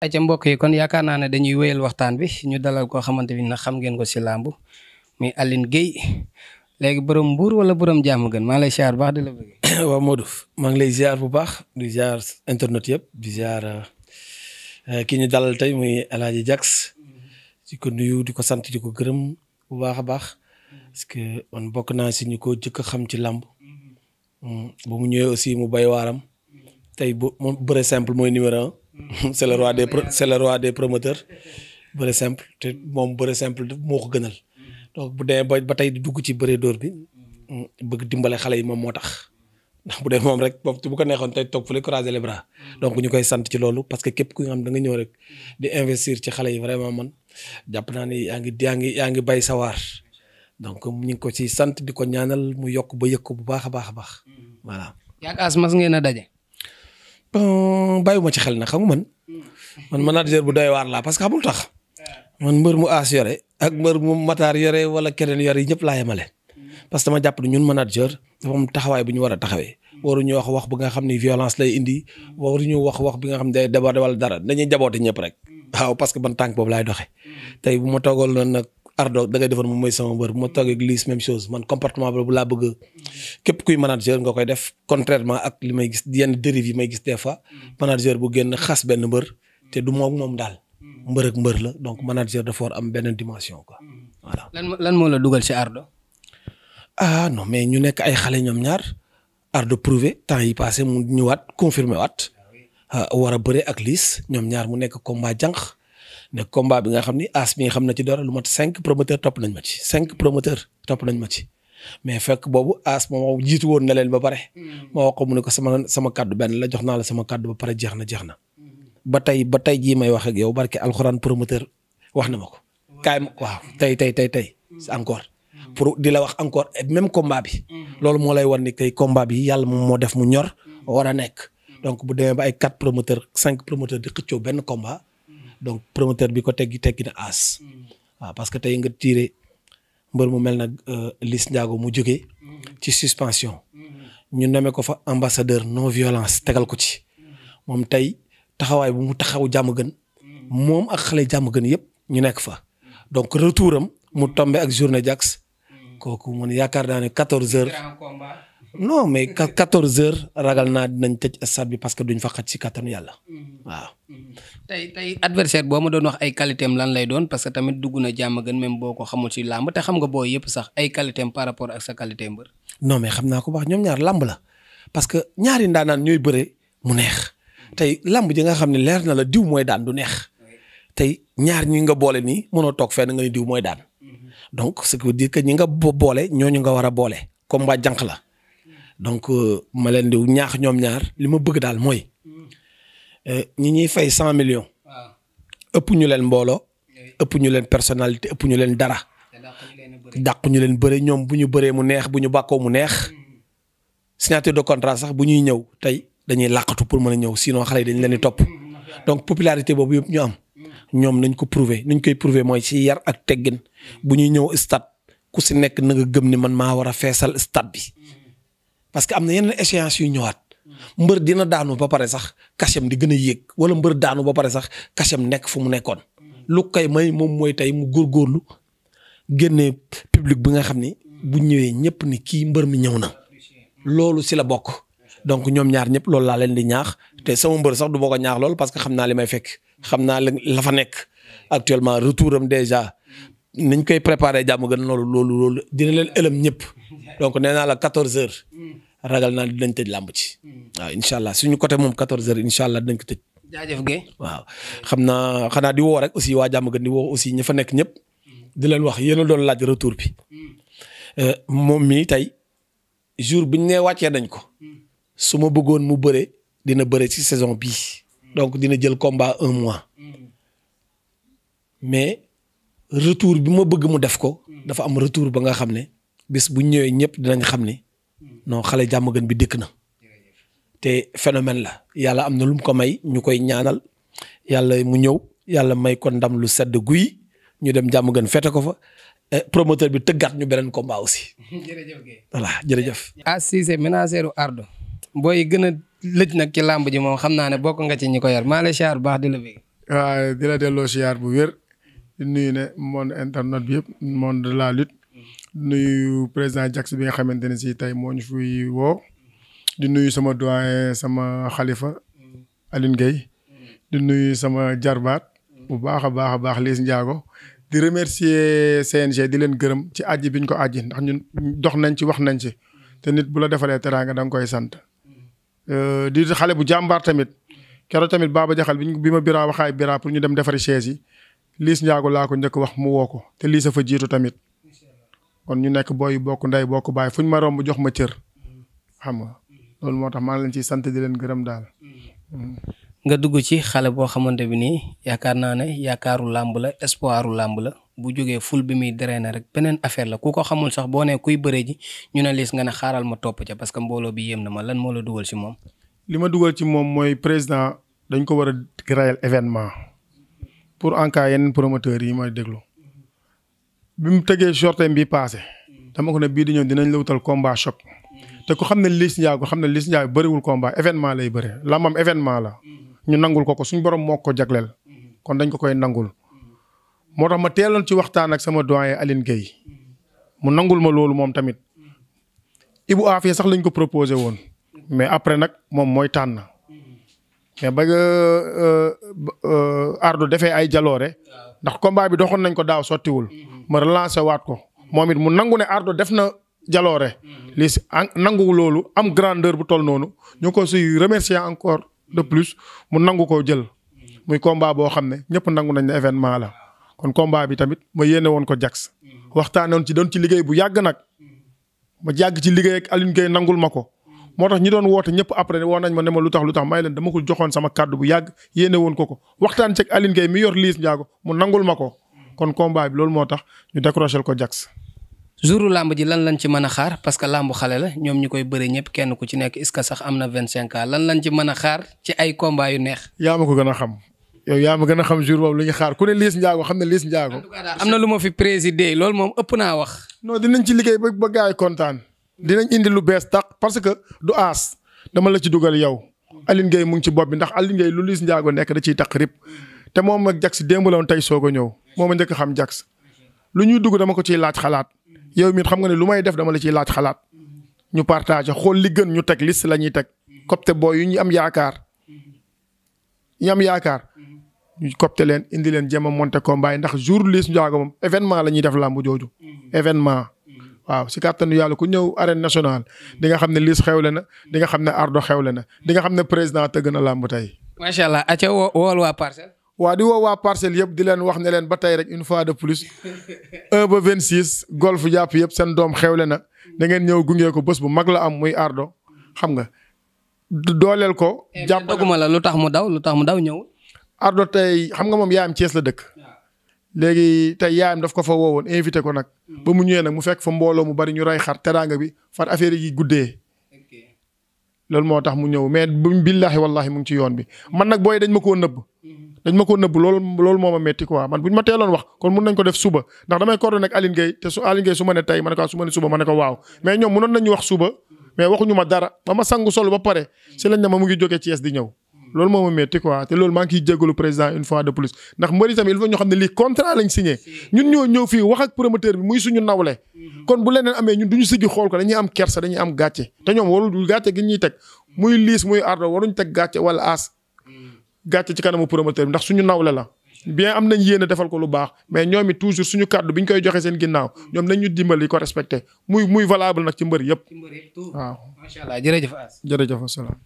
ayca mbokk yi kon yaakaar naa ne dañuy wéyal waxtaan bi ñu dalal koo xamante ni nag xam ngeen ko si làmb muy Alioune Guèye léegi borom mbuur wala borom jàmm gën maa lay ziar baax la bëgg. waaw Modou maa lay ziar bu baax di ziar internet yëpp di ziar euh, ki ñu dalal tey muy El Hadj Jax di ko nuyu di ko sant di ko gërëm bu baax a baax parce bokk naa si ñu ko jëkk a xam ci làmb mm, ba mu ñëwee aussi mu bay waaram tey bu moom bëre simple mooy numéro c'est le roi des c'est le roi des te moom bëre simple moo ko gënal donc bu demee ba ba tey dugg ci bëre dóor bi mm, bëgg dimbale xale yi moom moo tax ndax bu dee moom rek moom bu ko neexoon tey toog fële croiser les bras donc ñu koy sant ci loolu parce que képp ku nga xam da nga ñëw rek di investir ci xale yi vraiment man jàpp naa ni yaa ngi yaa ngi yaa ngi bay sawaar donc ñu ngi ko ci sant di ko ñaanal mu yokk ba yëg ko bu baax a baax a baax voilà. yaa ngi as ngeen a Euh, bàyyiwuma ci xel na xam man man bu doy waar laa parce que xamul tax man mbër mu aas yore ak mbër mu mataar yore wala keneen yore yi ñëpp laa yemale parce que dama jàpp ne ñun manager dafa am taxawaay bu ñu war a taxawee waruñu wax wax bu nga xam ne violence lay indi ñu wax wax bi nga xam ne day déborder wala dara dañuy jaboote ñëpp rek waaw parce que ban tànk boobu laay doxee tey bu ma toogal noonu nag Ardo da defar moom mooy sama mbër bu ma toogee ak Liss même chose man comportement boobu laa bëgg képp kuy manager nga koy def contrairement ak li may gis yenn dérive yi may gis des fois manager bu génn xas benn mbër te du moom moom daal mbër ak mbër la donc manager dafa war am benn dimension quoi voilà. lan lan moo la dugal ci Ardo. ah mais ñu nekk ay xale ñoom ñaar Ardo prouvé temps yi passé mu ñëwaat confirmé waat ah, war a bëre ak Liss ñoom ñaar mu nekk combat jànq. ne combat bi nga xam ni as bi xam na ci dara lu mat cinq promoteur topp nañ ma ci cinq promoteur topp nañ ma ci mais fekk boobu as moom jiitu woon na leen ba pare ma mm. wax ko ne ko sama sama kàddu benn la jox naa la sama kàddu ba pare jeex na jeex na mm. ba tey ba tey jii may wax ak yow barke alxuraan promoteur wax na ma ko kaay ma waaw tey tey tey tey mm. encore pour di la wax encore même combat bi loolu moo lay wan ni kay bi yàlla moom moo def mu ñor war a nekk donc bu demee ba ay quatre promoteur cinq promoteur di xëccoo benn combat donc promoteur bi ko teggi teggi na aas. Mm. parce que tey nga tiire mbër mu mel nag euh, Liss Ndiago mu jóge mm-hmm. ci suspension. Mm-hmm. ñu nome ko fa ambassadeur non violence tegal ko ci. Mm-hmm. moom tey taxawaay bu mu taxaw jàmm gën. moom ak xale jàmm gën yëpp ñu nekk fa. donc retouram mu tombe ak journée Jax. kooku man yaakaar naa ne quatorze heures. non mais 14 heures ragal naa dinañ tëj stade bi parce que duñ fa xaj si kattanu yàlla. Mm-hmm. waaw. Mm-hmm. tey tey adversaire boo ma doon wax ay qualité lan lay doon parce que tamit dugg na jàmm gën même boo ko xamul si làmb te xam nga booy yëpp sax ay qualité am par rapport ak sa qualité mbër. non mais xam naa ko wax ñoom ñaar làmb la parce que ñaari ndaanaan ñooy bëre mu neex tey làmb ji nga xam ne leer na la diw mooy daan du neex tey ñaar ñi nga boole nii mënoo toog fenn nga ni diw mooy daan mm-hmm. donc ce qui veut dire que ñi nga boole ñooñu nga war a boole combat jànq la. donc euh, ma leen di ñaax ñoom ñaar li ma bëgg daal mooy euh, ñi ñuy fay cent million ëpp ñu leen mbooloo. ëpp ñu leen personnalité ëpp ñu leen dara. dàq ñu leen bëre ñoom bu ñu bëree mu neex bu ñu bàkkoo mu neex. Mm. signature de contrat sax bu ñuy ñëw tey dañuy làqatu pour mën a ñëw sinon xale yi dañ leen di topp. Mm. donc popularité boobu yëpp ñu am. Mm. ñoom nañ ko prouver nuñ koy prouver mooy si yar ak teggin bu ñuy ñëw stade ku si nekk na nga gëm ni man maa war a feesal stade bi. parce que am na yenn échéance yu ñëwaat mbër dina daanu ba pare sax kacham di gën a yéeg wala mbër daanu ba pare sax kacham nekk fu mu nekkoon lu koy may moom mooy tey mu góor góorgóorlu génne public bu nga xam ni bu ñëwee ñëpp ni kii mbër mi ñëw na loolu si la bokk donc ñoom ñaar ñëpp loolu laa leen di ñaax te sama mbër sax du boo ko ñaax lool parce que xam naa li may fekk xam naa la lafa nekk actuellement retour am déjà niñ koy préparé jàmm gën loolu loolu loolu dina leen ëlëm nee naa la 14 heures ragal naa dinañ tëj làmb ci. waaw incha allah suñu côté moom 14h incha allah dinañ ko tëj. jaajëf Guèye. waaw xam naa xanaa di woo rek aussi waa jàmm gën di woo aussi ñi fa nekk ñëpp. di leen wax yéen a doon laaj retour bi. Euh, moom mii tey jour biñ nee wàccee nañ ko. su ma bëggoon mu bëre dina bëre ci saison bii. donc dina jël combat retour bi ma bëgg mu def ko. dafa am retour ba nga xam ne. bis bu ñëwee ñëpp dinañ xam ne. non xale jàmm gën bi dëkk na. te phénomène la yàlla am na lu mu ko may ñu koy ñaanal yàlla mu ñëw yàlla may kon ndam lu sedd guy ñu dem jàmm gën fete ko fa eh, promoteur bi tëggaat ñu beneen ko aussi. jërëjëf voilà jërëjëf. ah Cissé ménagère Ardo. booy gën a lëj nag ci làmb ji moom xam naa ne bokk nga ci ñi ko yar maa lay siyaar baax di la bëgg. di la delloo siyaar bu wér. di nuyu ne monde internet bi yëpp monde de la nuyu président Jackson bi nga xamante ne si tey moo ñu fi woo. di nuyu sama doyen sama xalifa Alioune Gueye di nuyu sama jarbaat. bu baax a baax a baax Liss Ndiago. di remercier CNG di leen gërëm ci aji bi ñu ko aji ndax ñun dox nañ ci wax nañ ci. te nit bu la defalee teraanga da nga koy sant. Euh, di xale bu jàmbaar tamit. keroog tamit Baba Jaxal bi ñu bi ma biraa waxaay biraa pour ñu dem defari chaise yi. Liss Ndiago laa ko njëkk wax mu woo ko te lii fa jiitu tamit. kon ñu nekk booy bokk ndey bokk bàyyi fu ñu ma romb jox ma cër xam nga loolu moo tax maa ngi leen ciy sant di leen gërëm daal. nga dugg ci xale boo xamante bi nii yaakaar naa ne yaakaaru làmb la espoiru làmb la bu jógee ful bi muy drainer rek beneen affaire la ku ko xamul sax boo nee kuy bëree ji ñu ne liis nga ne xaaral ma topp ca parce que mbooloo bi yéem na ma lan moo la dugal ci moom. li ma dugal ci moom mooy président dañ ko war a créer événement pour en yeneen promoteurs yi ma déglu. bi mu tegee shortem bi paase dama ko ne bii di ñëw dinañ la wutal combat te ku xam ne Liss Ndiago xam ne Liss Ndiago bëriwul combat événement lay bëre làmbam événement la ñu nangul ko ko suñu borom moo ko jagleel kon dañ ko koy nangul. moo tax ma teeloon ci waxtaan ak sama doyen alin Gueye mu nangul ma loolu moom tamit Ibou Afia sax lañ ko proposé woon mais après nag moom mooy tànn mais ba euh, euh, euh, Ardo defee ay jaloore ndax combat bi doxoon nañ ko daaw sottiwul. Mhm. ma relancé waat ko moom it mu nangu ne Ardo def na jaloore. Mhm. lii si nangu loolu am grandeur bu toll noonu ñu ko si remercier encore de plus mu nangu ko jël. Mhm. muy combat boo xam ne ñëpp nangu nañ ne événement la kon combat bi tamit ma yéene woon ko Jax waxtaanoon ci doon ci liggéey bu yàgg nag ma jàgg ci liggéey ak Alioune nangul ma ko. moo tax ñi doon woote ñëpp après woo nañ ma ne ma lu tax lu tax may leen dama ko joxoon sama kàddu bu yàgg yéene ko ko waxtaan ceeg Aline Gueye mi yor Liss Ndiago mu nangul ma ko kon combat bi loolu moo tax ñu décroché ko Jax. jouru làmb ji lan lañ ci mën a xaar parce que làmb xale la ñoom ñu koy bëre ñëpp kenn ku ci nekk est-ce que sax am na vingt cinq ans lan lañ a xaar neex. yaa ma ko gën a xam yow yaa ma gën a xam jour boobu ñu xaar ku ne Liss Ndiago xam ne Liss Ndiago. am na lu ma fi présidé loolu moom ëpp naa wax. non dinañ ci liggéey ba ba gars yi kontaan dinañ indi lu bees tax parce que du aas dama la ci dugal yow Aline Gueye mu ngi ci bopp bi ndax Aline Gueye lu liis Ndiago nekk da ciy taq rib te moom ak Jax démb la woon tey soog a ñëw moom a njëkk xam Jax lu ñuy dugg dama ko ciy laaj xalaat yow mit xam nga ne lu may def dama la ciy laaj xalaat ñu partagé xool li gën ñu teg liste la ñuy teg copte booy yu ñu am yaakaar ñu am yaakaar ñu copte leen indi leen jéem a monté combat yi ndax jour Liss Ndiago moom événement la ñuy def làmb jooju événement waaw si kàttanu yàlla ku ñëw arène nationale di xam ne liis xewle na di nga xam ne ardo xewle na di nga xam ne président tëgg na làmb tey. macha allah acca woo wool waa parcelle. waa di woo waa parcelle yëpp di leen wax ne leen ba tey rek une fois de plus 1 ba 26 golf jàpp yëpp seen doom xewle na da ngeen ñëw gunge ko bës bu mag la am muy ardo xam nga dooleel ko. Eh, jàpp doguma la lu tax mu daw lu tax mu daw ñëw. ardo tey xam nga moom yaayam Cees la dëkk. léegi tey yaayam daf ko fa woowoon invité ko nag. Hmm. ba mu ñëwee nag mu fekk fa mbooloo mu bari ñu rey xar teraanga bi far affaire yi guddee. loolu moo tax mu ñëw mais billahi wallahi mu ngi ci yoon bi man nag booy dañ ma koo nëbb. Hmm. dañ ma koo nëbb loolu loolu moo ma métti bu ñu ma teeloon wax kon mun nañ ko def suba ndax damay coordonné ak Aline Gueye te su Aline su ma ne tey ma ne ko ah, su ma ne suba ma ne ko waaw mais ñoom munoon nañu wax suba mais waxuñu ma dara ba ma sangu sol ba pare si lañ ne ma mu ngi jógee Thiès di ñëw. loolu moom ma métti te loolu maa ngi ciy jégalu président une fois de plus ndax mbëri tamit il faut ñu xam ne lii contrat lañ signé ñun ñoo ñëw fii wax ak promoteur bi muy suñu nawle mhm. kon bu leneen amee ñun duñu siggi xool ko dañuy am kersa dañuy am gàcce te ñoom warul gàcce gi ñuy teg muy liis muy ardo waruñ teg gàcce wala aas mhm. gàcce ci kanamu promoteur bi ndax suñu nawle la bien am nañ yéene defal ko lu baax mais ñoom it toujours suñu kàddu bi ñu koy joxee seen ginnaaw mhm. ñoom nañu ñu dimbali ko respecté muy ci mbër yëpp waaw. macha allah jërëjëf As jërëjëf asalaam